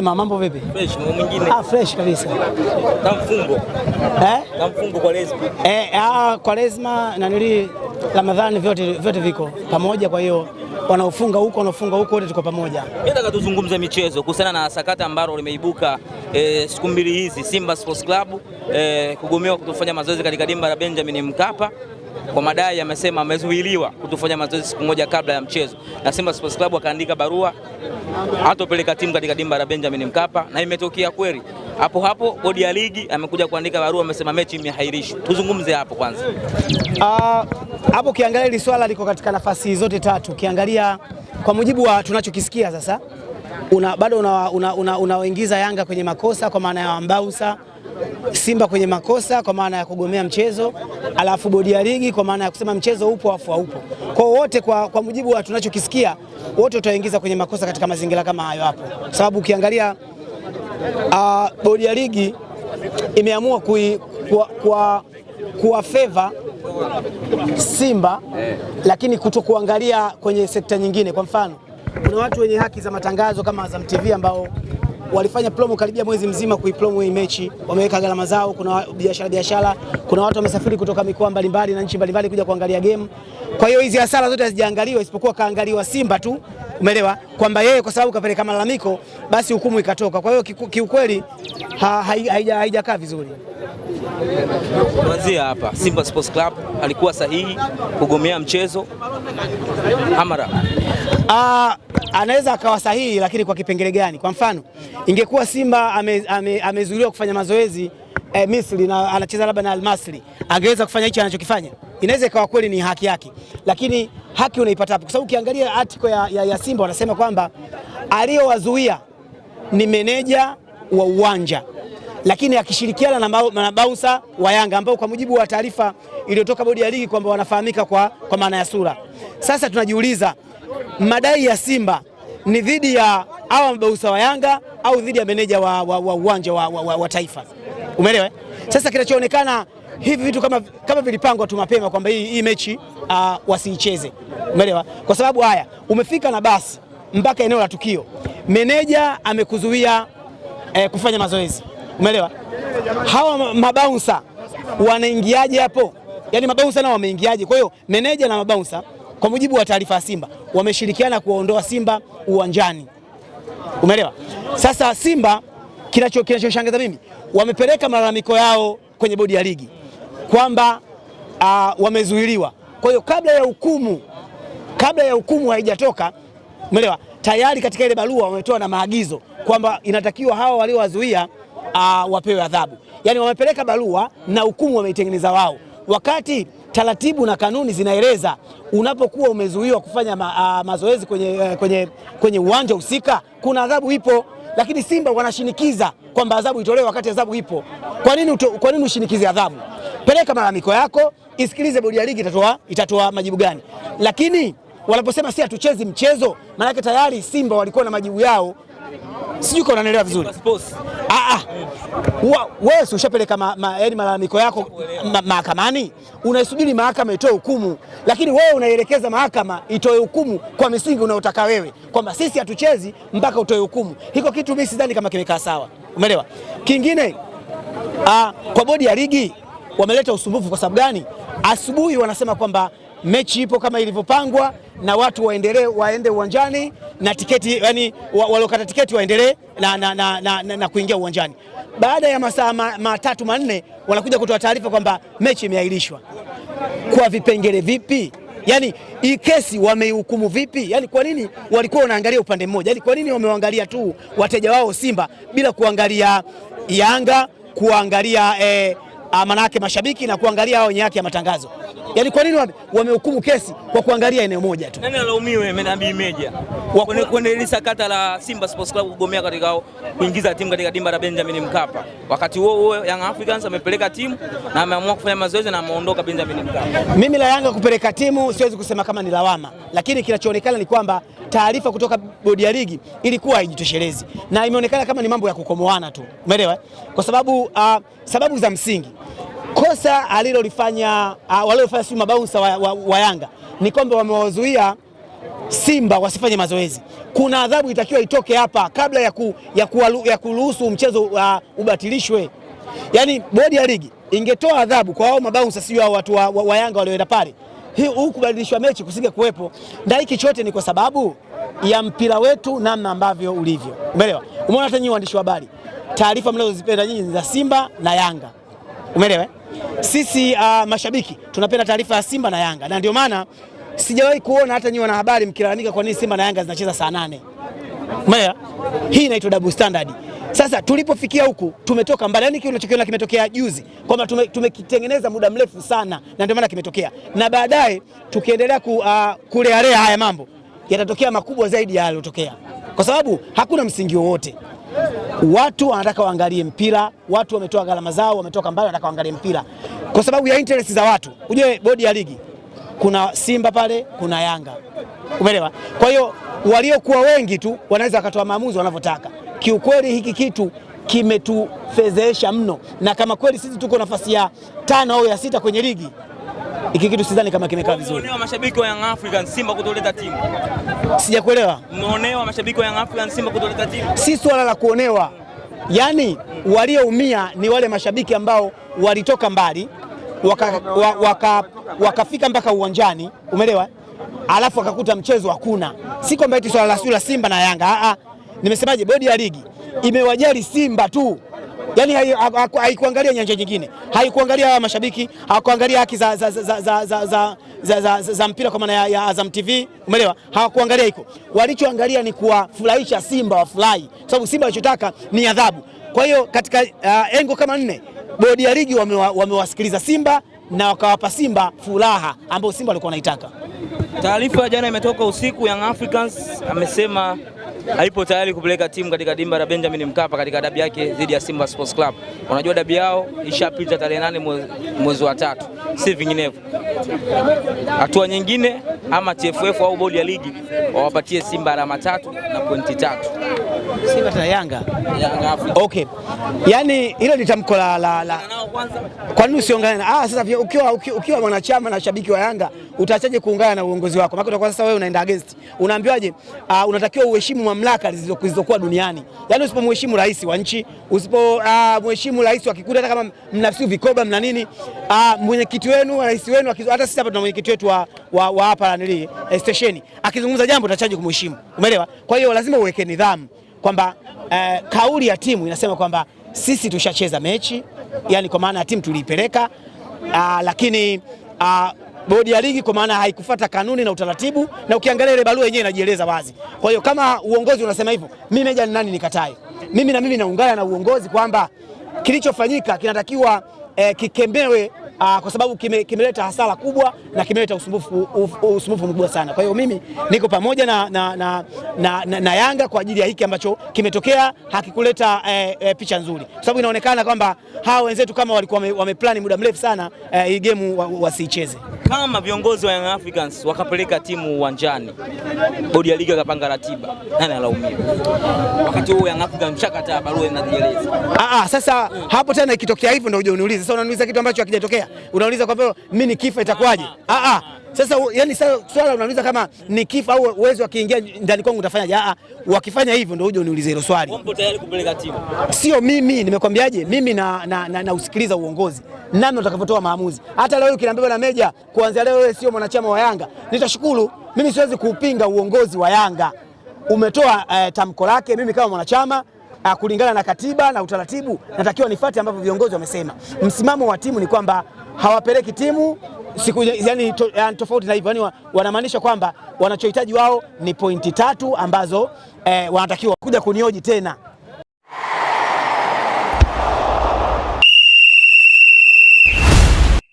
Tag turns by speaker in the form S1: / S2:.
S1: Mapema, mambo vipi?
S2: Fresh, mwingine.
S1: Ah, fresh kabisa. Na mfungo. Eh? Na
S2: mfungo kwa Lesma.
S1: Eh, ah, kwa Lesma na nili Ramadhani vyote vyote viko pamoja, kwa hiyo wanaofunga huko wanaofunga huko wote tuko pamoja.
S2: Nataka tuzungumze michezo kuhusiana na sakata ambalo limeibuka e, siku mbili hizi Simba Sports Club e, kugomewa kutofanya mazoezi katika dimba la Benjamin Mkapa kwa madai amesema amezuiliwa kutofanya mazoezi siku moja kabla ya mchezo, na Simba Sports Club akaandika barua hatopeleka timu katika dimba la Benjamin Mkapa, na imetokea kweli. Hapo hapo bodi ya ligi amekuja kuandika barua, amesema mechi imehairishwa. Tuzungumze hapo kwanza.
S1: Uh, hapo ukiangalia hili swala liko katika nafasi zote tatu. Ukiangalia kwa mujibu wa tunachokisikia sasa, una, bado unawaingiza una, una, una Yanga kwenye makosa kwa maana ya Mbausa Simba kwenye makosa kwa maana ya kugomea mchezo, alafu bodi ya ligi kwa maana ya kusema mchezo upo afu haupo. Kwa wote kwa, kwa mujibu wa tunachokisikia wote utaingiza kwenye makosa katika mazingira kama hayo hapo, sababu ukiangalia uh, bodi ya ligi imeamua kui, kwa, kwa, kuwa feva Simba lakini kuto kuangalia kwenye sekta nyingine. Kwa mfano, kuna watu wenye haki za matangazo kama Azam TV ambao walifanya promo karibia mwezi mzima kuipromo hii mechi, wameweka gharama zao, kuna biashara biashara, kuna watu wamesafiri kutoka mikoa mbalimbali na nchi mbalimbali kuja kuangalia game. Kwa hiyo hizi hasara zote hazijaangaliwa, isipokuwa kaangaliwa Simba tu, umeelewa kwamba yeye kwa sababu kapeleka malalamiko, basi hukumu ikatoka. Kwa hiyo kiukweli ha, haijakaa vizuri.
S2: Kuanzia hapa Simba Sports Club alikuwa sahihi kugomea mchezo Amara.
S1: Ah, anaweza akawa sahihi, lakini kwa kipengele gani? Kwa mfano, ingekuwa Simba amezuiliwa ame, ame kufanya mazoezi eh, Misri na anacheza labda na Almasri, angeweza kufanya hicho anachokifanya? Inaweza ikawa kweli ni haki yake, lakini haki unaipata hapo, kwa sababu ukiangalia article ya, ya, ya Simba wanasema kwamba aliyowazuia ni meneja wa uwanja lakini akishirikiana na mabausa wa Yanga ambao kwa mujibu wa taarifa iliyotoka bodi ya ligi kwamba wanafahamika kwa, kwa maana ya sura. Sasa tunajiuliza madai ya Simba ni dhidi ya hawa mabausa wa Yanga au dhidi ya meneja wa, wa, wa uwanja wa, wa, wa, wa Taifa. Umeelewa? Eh? Sasa kinachoonekana hivi vitu kama, kama vilipangwa tu mapema kwamba hii, hii mechi uh, wasiicheze. Umeelewa? Kwa sababu haya umefika na basi mpaka eneo la tukio, meneja amekuzuia eh, kufanya mazoezi. Umeelewa? hawa mabausa wanaingiaje hapo? Yaani mabausa nao wameingiaje? Kwa hiyo meneja na mabaunsa kwa mujibu wa taarifa ya Simba, wameshirikiana kuwaondoa Simba uwanjani, umeelewa? Sasa Simba, kinachoshangaza mimi, wamepeleka malalamiko yao kwenye bodi ya ligi kwamba ah, wamezuiliwa. Kwa hiyo kabla ya hukumu kabla ya hukumu haijatoka, umeelewa, tayari katika ile barua wametoa na maagizo kwamba inatakiwa hawa waliowazuia ah, wapewe adhabu. Yaani wamepeleka barua na hukumu wameitengeneza wao, wakati taratibu na kanuni zinaeleza unapokuwa umezuiwa kufanya ma, a, ah, mazoezi kwenye, eh, kwenye, kwenye uwanja husika kuna adhabu ipo, lakini Simba wanashinikiza kwamba adhabu itolewe wakati adhabu ipo. Kwa nini, kwa nini ushinikize adhabu? Peleka malalamiko yako, isikilize bodi ya ligi itatoa, itatoa majibu gani, lakini wanaposema si hatuchezi mchezo, maanake tayari Simba walikuwa na majibu yao. Sijui kwa unanielewa vizuri. Ah ah. Wewe si ushapeleka ma, ma, malalamiko yako mahakamani ma, unaisubiri mahakama itoe hukumu, lakini wewe unaielekeza mahakama itoe hukumu kwa misingi unayotaka wewe, kwamba sisi hatuchezi mpaka utoe hukumu. Hiko kitu mimi sidhani kama kimekaa sawa, umeelewa? Kingine ah, kwa bodi ya ligi wameleta usumbufu kwa sababu gani? Asubuhi wanasema kwamba mechi ipo kama ilivyopangwa na watu waendelee waende uwanjani na tiketi, yani waliokata tiketi waendelee na, na, na, na, na, na kuingia uwanjani. Baada ya masaa matatu ma manne wanakuja kutoa taarifa kwamba mechi imeahirishwa kwa vipengele vipi? Yaani hii kesi wameihukumu vipi? Yaani kwa nini walikuwa wanaangalia upande mmoja? Yaani kwa nini wamewaangalia tu wateja wao Simba bila kuangalia Yanga, kuangalia eh, ah, manake mashabiki na kuangalia hao wenye haki ya matangazo. Yaani kwa nini wamehukumu kesi kwa kuangalia eneo moja tu?
S2: Nani alaumiwe Nabii Meja? Kwenye ile sakata la Simba Sports Club kugomea katika kuingiza timu katika dimba la Benjamin Mkapa. Wakati huo huo Young Africans amepeleka timu na ameamua kufanya mazoezi na ameondoka Benjamin Mkapa.
S1: Mimi la Yanga kupeleka timu siwezi kusema kama ni lawama, lakini kinachoonekana ni kwamba taarifa kutoka bodi ya ligi ilikuwa haijitoshelezi na imeonekana kama ni mambo ya kukomoana tu. Umeelewa? Kwa sababu uh, sababu za msingi kosa alilolifanya ah, waliofanya si mabaunsa wa, wa, wa Yanga ni kwamba wamewazuia Simba wasifanye mazoezi. Kuna adhabu itakiwa itoke hapa kabla ya, ku, ya, kualu, ya kuruhusu mchezo uh, ubatilishwe. Yaani bodi ya ligi ingetoa adhabu kwa wao mabaunsa sijui hao watu wa, wa, wa Yanga walioenda pale huku kubadilishwa mechi kusinge kuwepo, na hiki chote ni kwa sababu ya mpira wetu namna ambavyo ulivyo. Umeelewa? Umeona hata nyinyi waandishi wa habari, taarifa mnazozipenda nyinyi za Simba na Yanga. Umeelewa? Eh? sisi uh, mashabiki tunapenda taarifa ya Simba na Yanga, na ndio maana sijawahi kuona hata nyinyi wanahabari mkilalamika kwa nini Simba na Yanga zinacheza saa nane. Maya, hii inaitwa double standard. Sasa tulipofikia huku tumetoka mbali, yani kile unachokiona kimetokea juzi kwamba tumekitengeneza tume muda mrefu sana, na ndio maana kimetokea, na baadaye tukiendelea ku, uh, ah, kulearea haya mambo yatatokea makubwa zaidi ya yaliyotokea, kwa sababu hakuna msingi wowote. Watu wanataka waangalie mpira, watu wametoa gharama zao, wametoka mbali, wanataka waangalie mpira kwa sababu ya interest za watu. Ujue bodi ya ligi kuna Simba pale, kuna Yanga, umeelewa? Kwa hiyo waliokuwa wengi tu wanaweza wakatoa maamuzi wanavyotaka. Kiukweli hiki kitu kimetufedhesha mno, na kama kweli sisi tuko nafasi ya tano au ya sita kwenye ligi hiki kitu sidhani kama kimekaa vizuri.
S2: Unaonewa mashabiki wa Young Africans Simba kutoleta timu.
S1: Sijakuelewa.
S2: Unaonewa mashabiki wa Young Africans Simba kutoleta timu.
S1: Si swala la kuonewa. Yaani walioumia ni wale mashabiki ambao walitoka mbali wakafika waka, waka, mpaka uwanjani, umeelewa? Alafu wakakuta mchezo hakuna. Si kwamba eti swala la Simba na Yanga. Nimesemaje, bodi ya ligi imewajali Simba tu yani haikuangalia nyanja nyingine, haikuangalia hawa mashabiki, hawakuangalia haki za, za, za, za, za, za, za, za, za mpira kwa maana ya, ya Azam TV, umeelewa? Hawakuangalia hiko, walichoangalia ni kuwafurahisha Simba wafurahi, kwa sababu Simba walichotaka ni adhabu. Kwa hiyo katika uh, engo kama nne, bodi ya ligi wamewasikiliza wame Simba na wakawapa Simba furaha ambayo Simba walikuwa wanaitaka.
S2: Taarifa jana imetoka usiku, Young Africans amesema haipo tayari kupeleka timu katika dimba la Benjamin Mkapa katika dabi yake dhidi ya Simba Sports Club. Unajua dabi yao ishapita tarehe nane mwezi wa tatu, si vinginevyo hatua nyingine ama TFF au bodi ya ligi wawapatie Simba alama tatu na pointi tatu.
S1: Simba na Yanga. Yanga Afrika. Okay. Yaani hilo ni tamko la la la kwa nini usiongane na ah? Sasa ukiwa ukiwa mwanachama na shabiki wa Yanga utaachaje kuungana na uongozi wako? Maana utakuwa sasa wewe unaenda against, unaambiwaje? Uh, unatakiwa uheshimu mamlaka zilizokuwa duniani. Yaani usipomheshimu rais wa nchi, usipo uh, mheshimu rais wa kikundi, hata kama mnafsi vikoba mna nini, uh, mwenyekiti wenu, rais wenu, hata sisi hapa tuna mwenyekiti wetu wa wa, wa hapa nili eh, station akizungumza jambo utaachaje kumheshimu? Umeelewa? Kwa hiyo lazima uweke nidhamu kwamba eh, kauli ya timu inasema kwamba sisi tushacheza mechi yani kwa maana ya timu tuliipeleka, ah, lakini aa, ah, bodi ya ligi kwa maana haikufata kanuni na utaratibu, na ukiangalia ile barua yenyewe inajieleza wazi. Kwa hiyo kama uongozi unasema hivyo, mimi meja ni nani nikatae? Mimi na mimi naungana na uongozi kwamba kilichofanyika kinatakiwa eh, kikemewe aa, ah, kwa sababu kime, kimeleta hasara kubwa na kimeleta usumbufu, usumbufu mkubwa sana. Kwa hiyo mimi niko pamoja na, na, na, na, na, na Yanga kwa ajili ya hiki ambacho kimetokea, hakikuleta eh, eh, picha nzuri, kwa sababu inaonekana kwamba hawa wenzetu kama walikuwa wameplani wame muda mrefu sana eh, hii gemu wasiicheze wa
S2: kama viongozi wa Young Africans wakapeleka timu uwanjani, bodi ya ligi akapanga ratiba, nani alaumia? Wakati huo Young Africans mshakata barua inajieleza.
S1: Ah, ah, sasa mm. hapo tena ikitokea hivyo ndio unaniuliza Sasa unaniuliza kitu ambacho hakijatokea, unauliza kwa vile mimi nikifa itakuwaje? ah, ah. ah, ah. Sasa yani sasa swala unauliza kama ni kifa au uwezo akiingia ndani kwangu utafanya a, wakifanya hivyo ndio uje uniulize hilo swali.
S2: Wapo tayari kupeleka timu?
S1: Sio mimi, nimekwambiaje? Mimi na, na, na, na usikiliza uongozi nani utakavyotoa maamuzi. Hata leo ukiniambia na Meja, kuanzia leo wewe sio mwanachama wa Yanga, nitashukuru. Mimi siwezi kuupinga uongozi wa Yanga umetoa eh, tamko lake. Mimi kama mwanachama uh, kulingana na katiba na utaratibu natakiwa nifuate ambavyo viongozi wamesema. Msimamo wa timu ni kwamba hawapeleki timu siku yani, to, yani tofauti na hivyo yani, wanamaanisha kwamba wanachohitaji wao ni pointi tatu ambazo eh, wanatakiwa kuja kunioji tena.